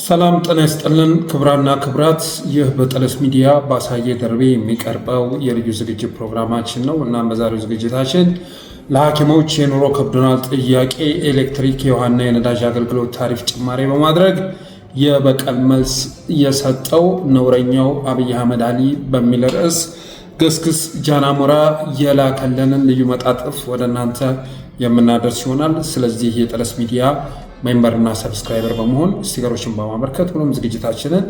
ሰላም ጤና ይስጥልን ክብራና ክብራት፣ ይህ በጠለስ ሚዲያ በአሳየ ደርቤ የሚቀርበው የልዩ ዝግጅት ፕሮግራማችን ነው። እናም በዛሬው ዝግጅታችን ለሐኪሞች የኑሮ ከብዶናል ጥያቄ ኤሌክትሪክ፣ የውሃና የነዳጅ አገልግሎት ታሪፍ ጭማሪ በማድረግ የበቀል መልስ የሰጠው ነውረኛው አብይ አህመድ አሊ በሚል ርዕስ ግስግስ ጃናሞራ የላከለንን ልዩ መጣጥፍ ወደ እናንተ የምናደርስ ይሆናል። ስለዚህ የጠለስ ሚዲያ ሜምበር እና ሰብስክራይበር በመሆን ስቲከሮችን በማበርከት ሁሉም ዝግጅታችንን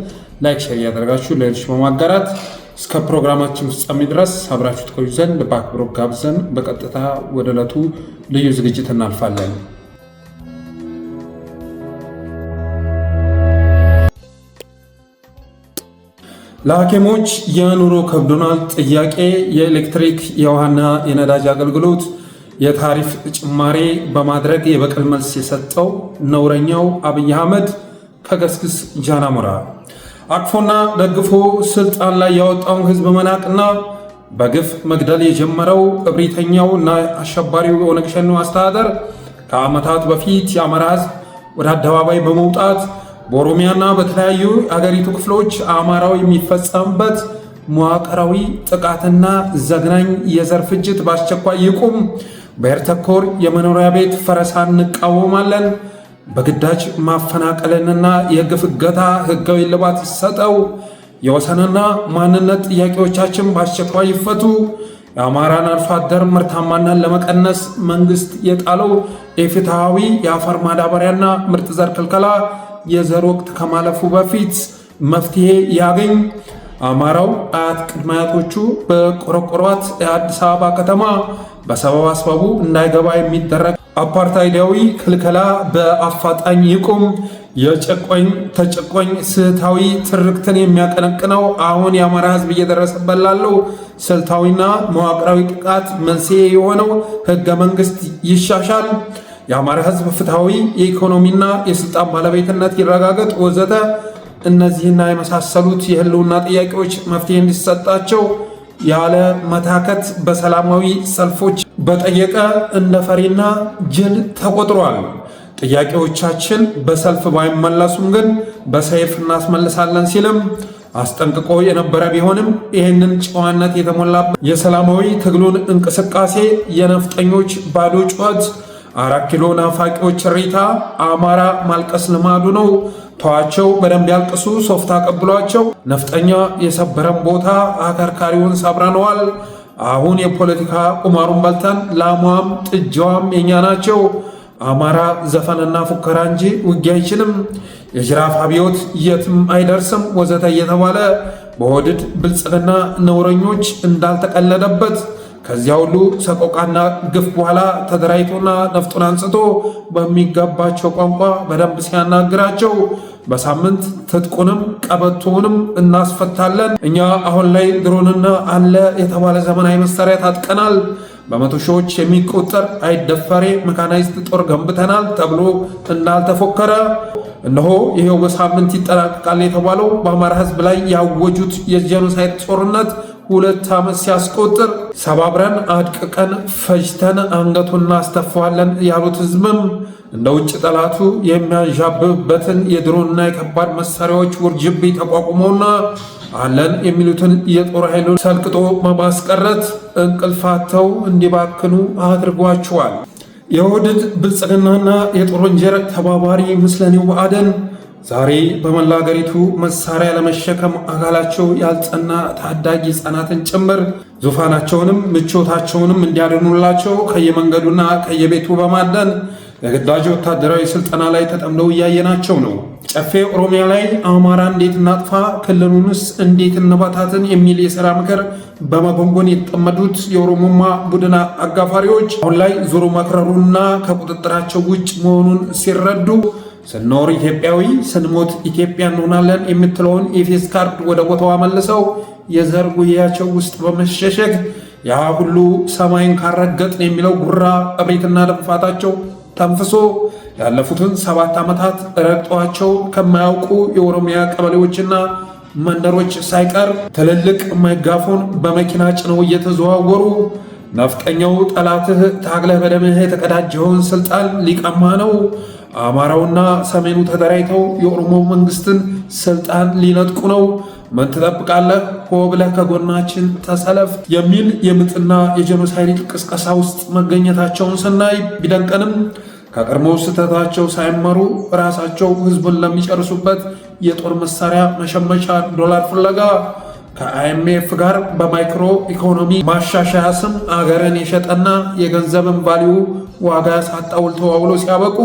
ላይክ፣ ሸር እያደረጋችሁ ለሌሎች በማጋራት እስከ ፕሮግራማችን ፍጻሜ ድረስ አብራችሁ ትቆዩ ዘንድ በአክብሮት ጋብዘን በቀጥታ ወደ ዕለቱ ልዩ ዝግጅት እናልፋለን። ለሐኪሞች የኑሮ ከብዶናል ጥያቄ የኤሌክትሪክ የውሃና የነዳጅ አገልግሎት የታሪፍ ጭማሬ በማድረግ የበቀል መልስ የሰጠው ነውረኛው አብይ አህመድ ከገስግስ ጃናሞራ አቅፎና ደግፎ ስልጣን ላይ ያወጣውን ህዝብ መናቅና በግፍ መግደል የጀመረው እብሪተኛው እና አሸባሪው የኦነግ ሸኔ አስተዳደር ከዓመታት በፊት የአማራ ህዝብ ወደ አደባባይ በመውጣት በኦሮሚያና በተለያዩ አገሪቱ ክፍሎች አማራው የሚፈጸምበት መዋቅራዊ ጥቃትና ዘግናኝ የዘር ፍጅት በአስቸኳይ ይቁም በኤርተኮር የመኖሪያ ቤት ፈረሳ እንቃወማለን። በግዳጅ ማፈናቀልንና የግፍ እገታ ሕጋዊ እልባት ይሰጠው። የወሰንና ማንነት ጥያቄዎቻችን በአስቸኳይ ይፈቱ። የአማራን አርሶ አደር ምርታማነት ለመቀነስ መንግስት የጣለው የፍትሐዊ የአፈር ማዳበሪያና ምርጥ ዘር ክልከላ የዘር ወቅት ከማለፉ በፊት መፍትሄ ያገኝ። አማራው አያት ቅድመ አያቶቹ በቆረቆሯት የአዲስ አበባ ከተማ በሰበብ አስባቡ እንዳይገባ የሚደረግ አፓርታይዳዊ ክልከላ በአፋጣኝ ይቁም። የጨቆኝ ተጨቆኝ ስልታዊ ትርክትን የሚያቀነቅነው አሁን የአማራ ሕዝብ እየደረሰበት ላለው ስልታዊና መዋቅራዊ ጥቃት መንስኤ የሆነው ህገ መንግስት ይሻሻል፣ የአማራ ሕዝብ ፍትሐዊ የኢኮኖሚና የስልጣን ባለቤትነት ይረጋገጥ፣ ወዘተ እነዚህና የመሳሰሉት የህልውና ጥያቄዎች መፍትሄ እንዲሰጣቸው ያለ መታከት በሰላማዊ ሰልፎች በጠየቀ እንደ ፈሪና ጅል ተቆጥሯል። ጥያቄዎቻችን በሰልፍ ባይመለሱም ግን በሰይፍ እናስመልሳለን ሲልም አስጠንቅቆ የነበረ ቢሆንም ይህንን ጨዋነት የተሞላበት የሰላማዊ ትግሉን እንቅስቃሴ የነፍጠኞች ባዶ ጩኸት አራት ኪሎ ናፋቂዎች እሪታ አማራ ማልቀስ ልማዱ ነው። ተዋቸው በደንብ ያልቅሱ። ሶፍት አቀብሏቸው። ነፍጠኛ የሰበረን ቦታ አከርካሪውን ሰብረነዋል። አሁን የፖለቲካ ቁማሩን በልተን ላሟም ጥጃዋም የኛ ናቸው። አማራ ዘፈንና ፉከራ እንጂ ውጊያ አይችልም። የጅራፍ አብዮት የትም አይደርስም ወዘተ እየተባለ በወድድ ብልጽግና ነውረኞች እንዳልተቀለደበት ከዚያ ሁሉ ሰቆቃና ግፍ በኋላ ተደራጅቶና ነፍጡን አንስቶ በሚገባቸው ቋንቋ በደንብ ሲያናግራቸው በሳምንት ትጥቁንም ቀበቶውንም እናስፈታለን፣ እኛ አሁን ላይ ድሮንና አለ የተባለ ዘመናዊ መሳሪያ ታጥቀናል፣ በመቶ ሺዎች የሚቆጠር አይደፈሬ መካናይዝድ ጦር ገንብተናል ተብሎ እንዳልተፎከረ እነሆ ይሄው በሳምንት ይጠናቀቃል የተባለው በአማራ ሕዝብ ላይ ያወጁት የጀኖሳይድ ጦርነት ሁለት ዓመት ሲያስቆጥር ሰባብረን አድቅቀን ፈጅተን አንገቱን እናስተፋዋለን ያሉት ህዝብም እንደ ውጭ ጠላቱ የሚያንዣብብበትን የድሮና የከባድ መሳሪያዎች ውርጅብ ተቋቁሞና አለን የሚሉትን የጦር ኃይሉን ሰልቅጦ በማስቀረት እንቅልፋተው እንዲባክኑ አድርጓቸዋል። የውህድድ ብልጽግናና የጦር ወንጀል ተባባሪ ምስለኔው ብአዴን ዛሬ በመላ አገሪቱ መሳሪያ ለመሸከም አካላቸው ያልጸና ታዳጊ ህጻናትን ጭምር ዙፋናቸውንም ምቾታቸውንም እንዲያድኑላቸው ከየመንገዱና ከየቤቱ በማደን በግዳጅ ወታደራዊ ስልጠና ላይ ተጠምደው እያየናቸው ነው። ጨፌ ኦሮሚያ ላይ አማራ እንዴት እናጥፋ፣ ክልሉንስ እንዴት እንበታትን የሚል የሥራ ምክር በመጎንጎን የተጠመዱት የኦሮሞማ ቡድን አጋፋሪዎች አሁን ላይ ዞሮ መክረሩና ከቁጥጥራቸው ውጭ መሆኑን ሲረዱ ስንኖር ኢትዮጵያዊ ስንሞት ኢትዮጵያ እንሆናለን የምትለውን የፌስ ካርድ ወደ ቦታዋ መልሰው የዘር ጉያቸው ውስጥ በመሸሸግ ያ ሁሉ ሰማይን ካረገጥን የሚለው ጉራ እብሪትና ድንፋታቸው ተንፍሶ ያለፉትን ሰባት ዓመታት ረግጠዋቸው ከማያውቁ የኦሮሚያ ቀበሌዎችና መንደሮች ሳይቀር ትልልቅ ማይጋፎን በመኪና ጭነው እየተዘዋወሩ ነፍጠኛው ጠላትህ ታግለህ በደምህ የተቀዳጀውን ስልጣን ሊቀማ ነው አማራውና ሰሜኑ ተደራጅተው የኦሮሞ መንግስትን ስልጣን ሊነጥቁ ነው። ምን ትጠብቃለህ? ሆ ብለህ ከጎናችን ተሰለፍ የሚል የምጥና የጄኖሳይድ ቅስቀሳ ውስጥ መገኘታቸውን ስናይ ቢደንቀንም ከቀድሞ ስህተታቸው ሳይመሩ፣ ራሳቸው ህዝቡን ለሚጨርሱበት የጦር መሳሪያ መሸመቻ ዶላር ፍለጋ ከአይኤምኤፍ ጋር በማይክሮ ኢኮኖሚ ማሻሻያ ስም አገርን የሸጠና የገንዘብን ቫሊዩ ዋጋ ያሳጣ ውል ተዋውሎ ሲያበቁ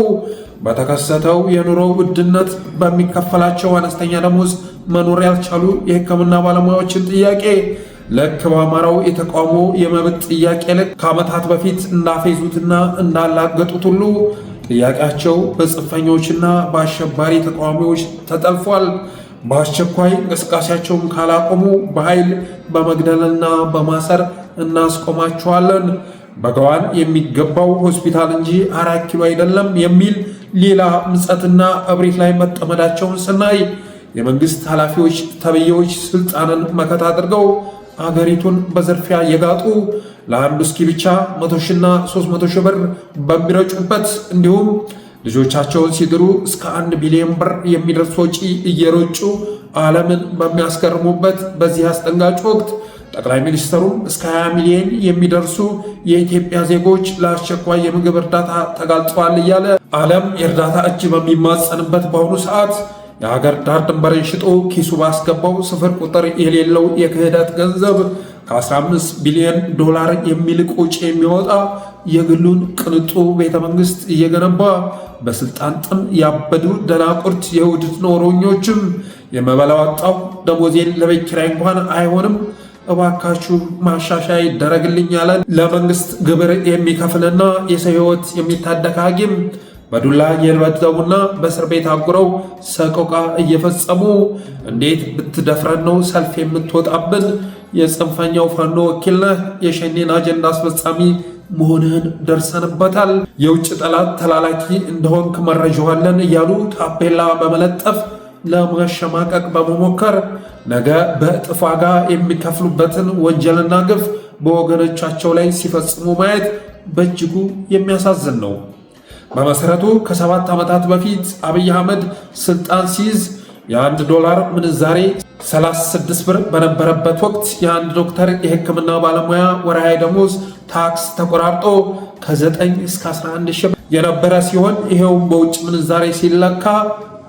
በተከሰተው የኑሮ ውድነት በሚከፈላቸው አነስተኛ ደሞዝ መኖር ያልቻሉ የሕክምና ባለሙያዎችን ጥያቄ ልክ በአማራው የተቃውሞ የመብት ጥያቄ ልክ ከዓመታት በፊት እንዳፌዙትና እንዳላገጡት ሁሉ ጥያቄያቸው በጽንፈኞችና በአሸባሪ ተቃዋሚዎች ተጠልፏል። በአስቸኳይ እንቅስቃሴያቸውን ካላቆሙ በኃይል በመግደልና በማሰር እናስቆማቸዋለን። በገዋን የሚገባው ሆስፒታል እንጂ አራት ኪሎ አይደለም የሚል ሌላ ምጸትና እብሪት ላይ መጠመዳቸውን ስናይ የመንግስት ኃላፊዎች ተብዬዎች ስልጣንን መከት አድርገው አገሪቱን በዘርፊያ የጋጡ ለአንዱ እስኪ ብቻ መቶ ሺና ሶስት መቶ ሺህ ብር በሚረጩበት እንዲሁም ልጆቻቸውን ሲድሩ እስከ አንድ ቢሊዮን ብር የሚደርስ ወጪ እየረጩ ዓለምን በሚያስገርሙበት በዚህ አስደንጋጭ ወቅት ጠቅላይ ሚኒስትሩም እስከ 20 ሚሊዮን የሚደርሱ የኢትዮጵያ ዜጎች ለአስቸኳይ የምግብ እርዳታ ተጋልጸዋል እያለ ዓለም የእርዳታ እጅ በሚማጸንበት በአሁኑ ሰዓት የሀገር ዳር ድንበርን ሽጦ ኪሱ ባስገባው ስፍር ቁጥር የሌለው የክህደት ገንዘብ ከ15 ቢሊዮን ዶላር የሚልቅ ውጪ የሚወጣ የግሉን ቅንጡ ቤተ መንግስት እየገነባ በስልጣን ጥም ያበዱ ደናቁርት የውድት ኖሮኞችም የመበላዋጣው ደሞዜን ለቤት ኪራይ እንኳን አይሆንም እባካችሁ ማሻሻያ ይደረግልኝ ያለ ለመንግስት ግብር የሚከፍልና የሰው ሕይወት የሚታደግ ሐኪም በዱላ የበደቡና በእስር ቤት አጉረው ሰቆቃ እየፈጸሙ እንዴት ብትደፍረን ነው ሰልፍ የምትወጣብን? የጽንፈኛው ፋኖ ወኪል ነህ፣ የሸኔን አጀንዳ አስፈጻሚ መሆንህን ደርሰንበታል፣ የውጭ ጠላት ተላላኪ እንደሆንክ መረጃዋለን እያሉ ታፔላ በመለጠፍ ለማሸማቀቅ በመሞከር ነገ በእጥፍ ዋጋ የሚከፍሉበትን ወንጀልና ግፍ በወገኖቻቸው ላይ ሲፈጽሙ ማየት በእጅጉ የሚያሳዝን ነው። በመሰረቱ ከሰባት ዓመታት በፊት አብይ አህመድ ስልጣን ሲይዝ የአንድ ዶላር ምንዛሬ 36 ብር በነበረበት ወቅት የአንድ ዶክተር የሕክምና ባለሙያ ወርሃዊ ደሞዝ ታክስ ተቆራርጦ ከ9 እስከ 11 ሺህ የነበረ ሲሆን ይሄውም በውጭ ምንዛሬ ሲለካ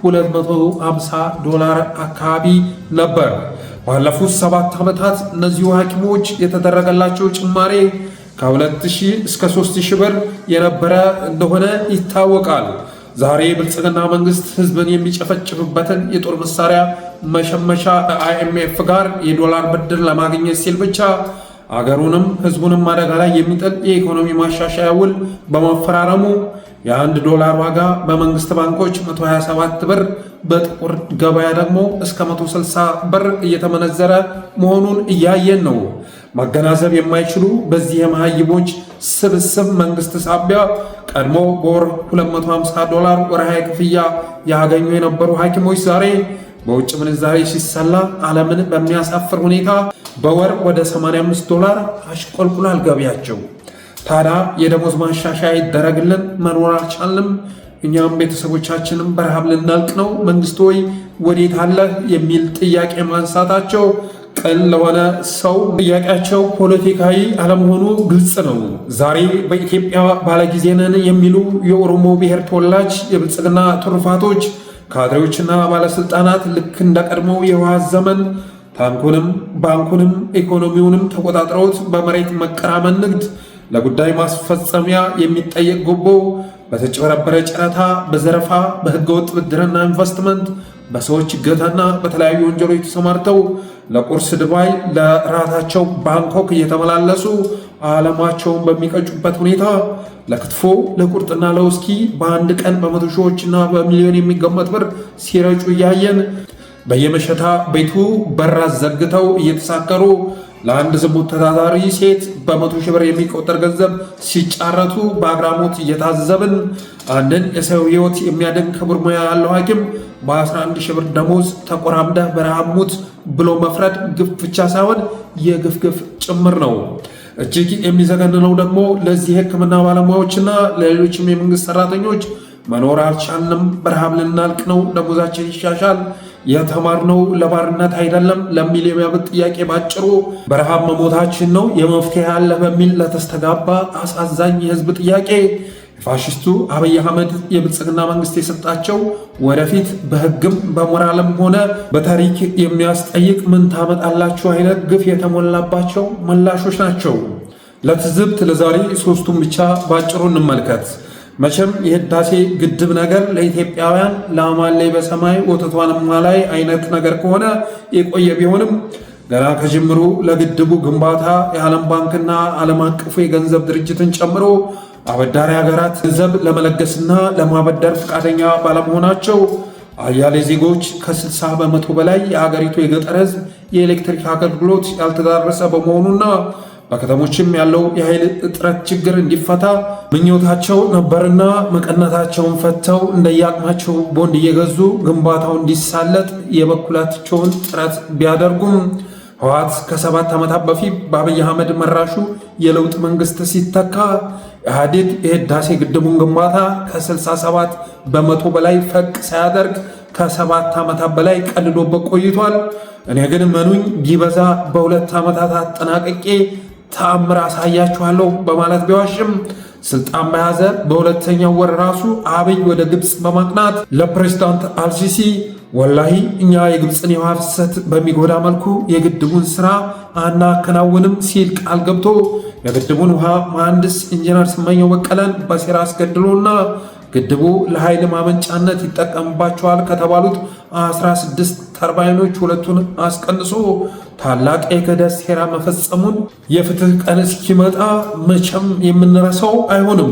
250 ዶላር አካባቢ ነበር። ባለፉት ሰባት ዓመታት እነዚሁ ሐኪሞች የተደረገላቸው ጭማሬ ከ2000 እስከ 3000 ብር የነበረ እንደሆነ ይታወቃል። ዛሬ ብልጽግና መንግስት ህዝብን የሚጨፈጭፍበትን የጦር መሳሪያ መሸመቻ አይኤምኤፍ ጋር የዶላር ብድር ለማግኘት ሲል ብቻ አገሩንም ህዝቡንም አደጋ ላይ የሚጥል የኢኮኖሚ ማሻሻያ ውል በማፈራረሙ የአንድ ዶላር ዋጋ በመንግስት ባንኮች 127 ብር በጥቁር ገበያ ደግሞ እስከ 160 ብር እየተመነዘረ መሆኑን እያየን ነው። ማገናዘብ የማይችሉ በዚህ የመሃይቦች ስብስብ መንግስት ሳቢያ ቀድሞ በወር 250 ዶላር ወርሃዊ ክፍያ ያገኙ የነበሩ ሐኪሞች ዛሬ በውጭ ምንዛሬ ሲሰላ ዓለምን በሚያሳፍር ሁኔታ በወር ወደ 85 ዶላር አሽቆልቁላል ገቢያቸው። ታዲያ የደሞዝ ማሻሻያ ይደረግልን፣ መኖር አልቻልንም፣ እኛም ቤተሰቦቻችንም በረሃብ ልናልቅ ነው፣ መንግስት ወይ ወዴት አለህ የሚል ጥያቄ ማንሳታቸው ቅን ለሆነ ሰው ጥያቄያቸው ፖለቲካዊ አለመሆኑ ግልጽ ነው። ዛሬ በኢትዮጵያ ባለጊዜ ነን የሚሉ የኦሮሞ ብሔር ተወላጅ የብልጽግና ትሩፋቶች ካድሬዎችና ባለስልጣናት ልክ እንደ ቀድሞው የህወሓት ዘመን ታንኩንም ባንኩንም ኢኮኖሚውንም ተቆጣጥረውት በመሬት መቀራመን ንግድ ለጉዳይ ማስፈጸሚያ የሚጠየቅ ጉቦ፣ በተጭበረበረ ጨረታ፣ በዘረፋ፣ በህገወጥ ብድርና ኢንቨስትመንት፣ በሰዎች እገታና በተለያዩ ወንጀሎች ተሰማርተው ለቁርስ ድባይ ለራታቸው ባንኮክ እየተመላለሱ ዓለማቸውን በሚቀጩበት ሁኔታ ለክትፎ ለቁርጥና ለውስኪ በአንድ ቀን በመቶ ሺዎችና በሚሊዮን የሚገመት ብር ሲረጩ እያየን በየመሸታ ቤቱ በራስ ዘግተው እየተሳከሩ ለአንድ ዝሙት ተታታሪ ሴት በመቶ ሺህ ብር የሚቆጠር ገንዘብ ሲጫረቱ በአግራሞት እየታዘብን አንድን የሰው ሕይወት የሚያድን ክቡር ሙያ ያለው ሐኪም በ11 ሺህ ብር ደሞዝ ተቆራምደህ በረሃሙት ብሎ መፍረድ ግፍ ብቻ ሳይሆን የግፍ ግፍ ጭምር ነው። እጅግ የሚዘገንነው ደግሞ ለዚህ የሕክምና ባለሙያዎችና ለሌሎችም የመንግስት ሰራተኞች መኖር አልቻልንም፣ በረሃብ ልናልቅ ነው፣ ደሞዛችን ይሻሻል የተማርነው ለባርነት አይደለም ለሚል የሚያበት ጥያቄ ባጭሩ በረሃብ መሞታችን ነው የመፍትሄ አለ በሚል ለተስተጋባ አሳዛኝ የህዝብ ጥያቄ የፋሽስቱ አብይ አህመድ የብልጽግና መንግስት የሰጣቸው ወደፊት በህግም በሞራልም ሆነ በታሪክ የሚያስጠይቅ ምን ታመጣላችሁ አይነት ግፍ የተሞላባቸው ምላሾች ናቸው። ለትዝብት ለዛሬ ሶስቱን ብቻ ባጭሩ እንመልከት። መቼም የህዳሴ ግድብ ነገር ለኢትዮጵያውያን ላማሌ በሰማይ ወተቷንማ ላይ አይነት ነገር ከሆነ የቆየ ቢሆንም ገና ከጅምሩ ለግድቡ ግንባታ የዓለም ባንክና ዓለም አቀፉ የገንዘብ ድርጅትን ጨምሮ አበዳሪ ሀገራት ገንዘብ ለመለገስና ለማበደር ፈቃደኛ ባለመሆናቸው አያሌ ዜጎች ከ60 በመቶ በላይ የሀገሪቱ የገጠር ህዝብ የኤሌክትሪክ አገልግሎት ያልተዳረሰ በመሆኑና በከተሞችም ያለው የኃይል እጥረት ችግር እንዲፈታ ምኞታቸው ነበርና መቀነታቸውን ፈተው እንደየአቅማቸው ቦንድ እየገዙ ግንባታው እንዲሳለጥ የበኩላቸውን ጥረት ቢያደርጉም ህወሓት ከሰባት ዓመታት በፊት በአብይ አህመድ መራሹ የለውጥ መንግስት ሲተካ ኢህአዴግ የህዳሴ ግድቡን ግንባታ ከ67 በመቶ በላይ ፈቅ ሳያደርግ ከሰባት ዓመታት በላይ ቀልዶበት ቆይቷል። እኔ ግን መኑኝ ቢበዛ በሁለት ዓመታት አጠናቅቄ ተአምር አሳያችኋለሁ በማለት ቢዋሽም ስልጣን በያዘ በሁለተኛው ወር ራሱ አብይ ወደ ግብፅ በማቅናት ለፕሬዚዳንት አልሲሲ ወላሂ እኛ የግብፅን የውሃ ፍሰት በሚጎዳ መልኩ የግድቡን ስራ አናከናውንም ሲል ቃል ገብቶ የግድቡን ውሃ መሐንዲስ ኢንጂነር ስመኘው በቀለን በሴራ አስገድሎና ግድቡ ለኃይል ማመንጫነት ይጠቀምባቸዋል ከተባሉት 16 ተርባይኖች ሁለቱን አስቀንሶ ታላቅ የክህደት ሴራ መፈጸሙን የፍትህ ቀን እስኪመጣ መቼም የምንረሳው አይሆንም።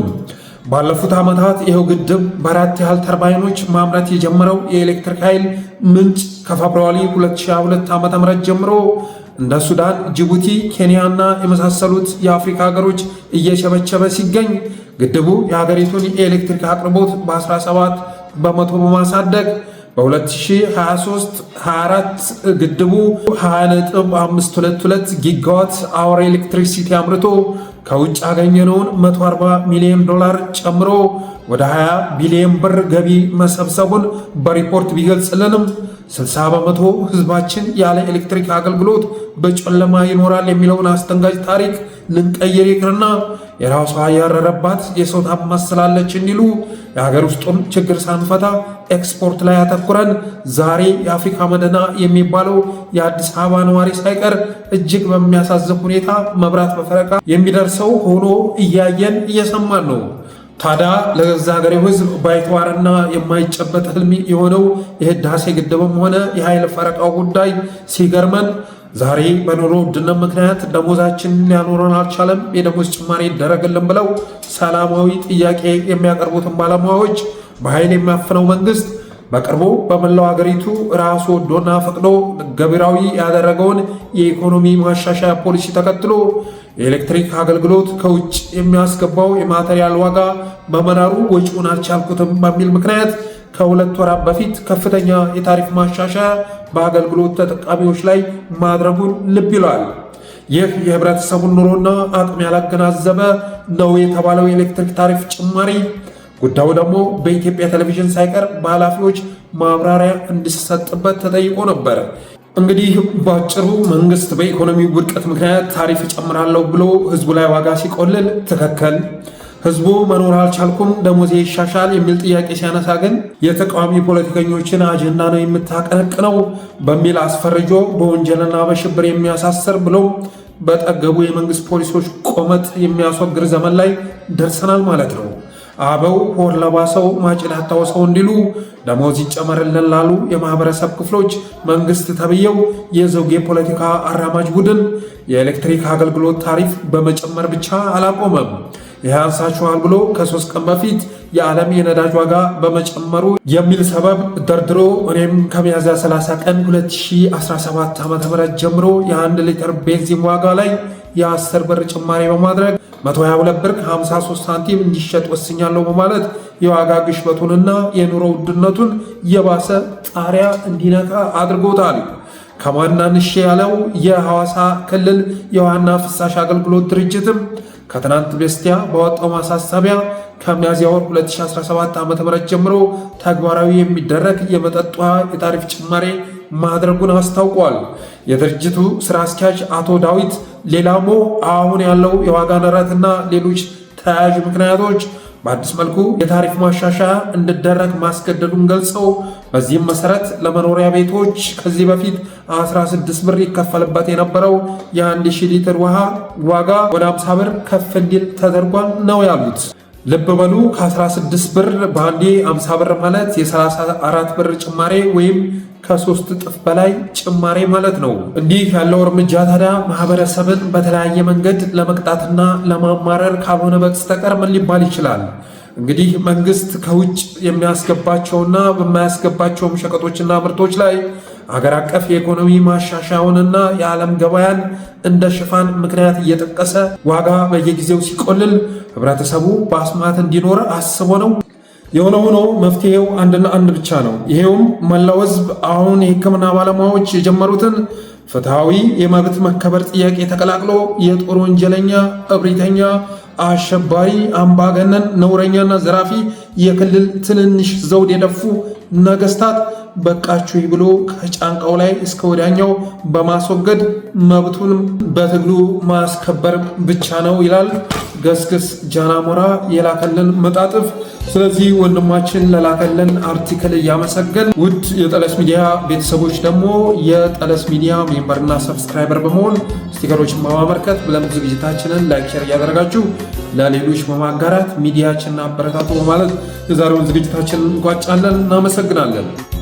ባለፉት ዓመታት ይኸው ግድብ በአራት ያህል ተርባይኖች ማምረት የጀመረው የኤሌክትሪክ ኃይል ምንጭ ከፌብርዋሪ 2022 ዓ ም ጀምሮ እንደ ሱዳን፣ ጅቡቲ፣ ኬንያ እና የመሳሰሉት የአፍሪካ ሀገሮች እየሸበቸበ ሲገኝ ግድቡ የሀገሪቱን የኤሌክትሪክ አቅርቦት በ17 በመቶ በማሳደግ በ2023 24 ግድቡ 20.522 ጊጋዋት አወር ኤሌክትሪክሲቲ አምርቶ ከውጭ ያገኘነውን 140 ሚሊዮን ዶላር ጨምሮ ወደ 20 ቢሊዮን ብር ገቢ መሰብሰቡን በሪፖርት ቢገልጽልንም 60 በመቶ ህዝባችን ያለ ኤሌክትሪክ አገልግሎት በጨለማ ይኖራል የሚለውን አስደንጋጭ ታሪክ ልንቀይር ይቅርና የራሷ ያረረባት የሰው ታማስ ስላለች እንዲሉ የሀገር ውስጡን ችግር ሳንፈታ ኤክስፖርት ላይ አተኩረን ዛሬ የአፍሪካ መደና የሚባለው የአዲስ አበባ ነዋሪ ሳይቀር እጅግ በሚያሳዝብ ሁኔታ መብራት በፈረቃ የሚደርሰው ሆኖ እያየን እየሰማን ነው። ታዲያ ለገዛ ሀገሬው ሕዝብ ባይተዋርና የማይጨበጥ ህልም የሆነው የህዳሴ ግድብም ሆነ የኃይል ፈረቃው ጉዳይ ሲገርመን ዛሬ በኑሮ ውድነት ምክንያት ደሞዛችን ሊያኖረን አልቻለም፣ የደሞዝ ጭማሪ ይደረግልን ብለው ሰላማዊ ጥያቄ የሚያቀርቡትን ባለሙያዎች በኃይል የሚያፍነው መንግስት በቅርቡ በመላው አገሪቱ ራሱ ወዶና ፈቅዶ ገቢራዊ ያደረገውን የኢኮኖሚ ማሻሻያ ፖሊሲ ተከትሎ የኤሌክትሪክ አገልግሎት ከውጭ የሚያስገባው የማቴሪያል ዋጋ መመናሩ ወጪውን አልቻልኩትም በሚል ምክንያት ከሁለት ወራት በፊት ከፍተኛ የታሪፍ ማሻሻያ በአገልግሎት ተጠቃሚዎች ላይ ማድረጉን ልብ ይለዋል። ይህ የህብረተሰቡን ኑሮና አቅም ያላገናዘበ ነው የተባለው የኤሌክትሪክ ታሪፍ ጭማሪ ጉዳዩ ደግሞ በኢትዮጵያ ቴሌቪዥን ሳይቀር በኃላፊዎች ማብራሪያ እንዲሰጥበት ተጠይቆ ነበር። እንግዲህ ባጭሩ መንግስት በኢኮኖሚ ውድቀት ምክንያት ታሪፍ እጨምራለሁ ብሎ ህዝቡ ላይ ዋጋ ሲቆልል ትክክል፣ ህዝቡ መኖር አልቻልኩም ደሞዜ ይሻሻል የሚል ጥያቄ ሲያነሳ ግን የተቃዋሚ ፖለቲከኞችን አጀንዳ ነው የምታቀነቅነው በሚል አስፈርጆ በወንጀልና በሽብር የሚያሳስር ብሎ በጠገቡ የመንግስት ፖሊሶች ቆመጥ የሚያስወግር ዘመን ላይ ደርሰናል ማለት ነው። አበው ሆድ ለባሰው ማጭላታው ሰው እንዲሉ ደሞዝ ይጨመርልን ላሉ የማህበረሰብ ክፍሎች መንግስት ተብየው የዘውግ የፖለቲካ አራማጅ ቡድን የኤሌክትሪክ አገልግሎት ታሪፍ በመጨመር ብቻ አላቆመም። ይህ አንሳችኋል ብሎ ከሶስት ቀን በፊት የዓለም የነዳጅ ዋጋ በመጨመሩ የሚል ሰበብ ደርድሮ እኔም ከሚያዝያ 30 ቀን 2017 ዓ.ም ጀምሮ የአንድ ሊትር ቤንዚን ዋጋ ላይ የአስር ብር ጭማሪ በማድረግ 122 ብር 53 ሳንቲም እንዲሸጥ ወስኛለሁ በማለት የዋጋ ግሽበቱንና የኑሮ ውድነቱን የባሰ ጣሪያ እንዲነካ አድርጎታል። ከማናንሽ ያለው የሐዋሳ ክልል የውሃና ፍሳሽ አገልግሎት ድርጅትም ከትናንት በስቲያ በወጣው ማሳሰቢያ ከሚያዝያ ወር 2017 ዓ.ም ጀምሮ ተግባራዊ የሚደረግ የመጠጥ ውሃ የታሪፍ ጭማሬ ማድረጉን አስታውቋል። የድርጅቱ ስራ አስኪያጅ አቶ ዳዊት ሌላሞ አሁን ያለው የዋጋ ንረትና ሌሎች ተያያዥ ምክንያቶች በአዲስ መልኩ የታሪፍ ማሻሻያ እንዲደረግ ማስገደዱን ገልጸው በዚህም መሰረት ለመኖሪያ ቤቶች ከዚህ በፊት 16 ብር ይከፈልበት የነበረው የ ሺህ ሊትር ውሃ ዋጋ ወደ 50 ብር ከፍ እንዲል ተደርጓል ነው ያሉት። ልብ በሉ ከ16 ብር በአንዴ 50 ብር ማለት የ34 ብር ጭማሬ ወይም ከሶስት እጥፍ በላይ ጭማሬ ማለት ነው። እንዲህ ያለው እርምጃ ታዲያ ማህበረሰብን በተለያየ መንገድ ለመቅጣትና ለማማረር ካልሆነ በስተቀር ምን ሊባል ይችላል? እንግዲህ መንግስት ከውጭ የሚያስገባቸውና በማያስገባቸውም ሸቀጦችና ምርቶች ላይ አገር አቀፍ የኢኮኖሚ ማሻሻያውንና የዓለም ገበያን እንደ ሽፋን ምክንያት እየጠቀሰ ዋጋ በየጊዜው ሲቆልል ህብረተሰቡ በአስማት እንዲኖር አስቦ ነው። የሆነ ሆኖ መፍትሄው አንድና አንድ ብቻ ነው። ይሄውም መላው ህዝብ አሁን የህክምና ባለሙያዎች የጀመሩትን ፍትሐዊ የመብት መከበር ጥያቄ ተቀላቅሎ የጦር ወንጀለኛ፣ እብሪተኛ፣ አሸባሪ፣ አምባገነን፣ ነውረኛና ዘራፊ የክልል ትንንሽ ዘውድ የደፉ ነገስታት በቃችሁ ብሎ ከጫንቃው ላይ እስከ ወዲያኛው በማስወገድ መብቱን በትግሉ ማስከበር ብቻ ነው ይላል ገስግስ ጃናሞራ የላከልን መጣጥፍ። ስለዚህ ወንድማችን ለላከልን አርቲክል እያመሰገን ውድ የጠለስ ሚዲያ ቤተሰቦች ደግሞ የጠለስ ሚዲያ ሜምበርና ሰብስክራይበር በመሆን ስቲከሮችን በማመርከት ብለም ዝግጅታችንን ላይክ፣ ሼር እያደረጋችሁ ለሌሎች በማጋራት ሚዲያችንን አበረታቱ በማለት የዛሬውን ዝግጅታችንን እንቋጫለን። እናመሰግናለን።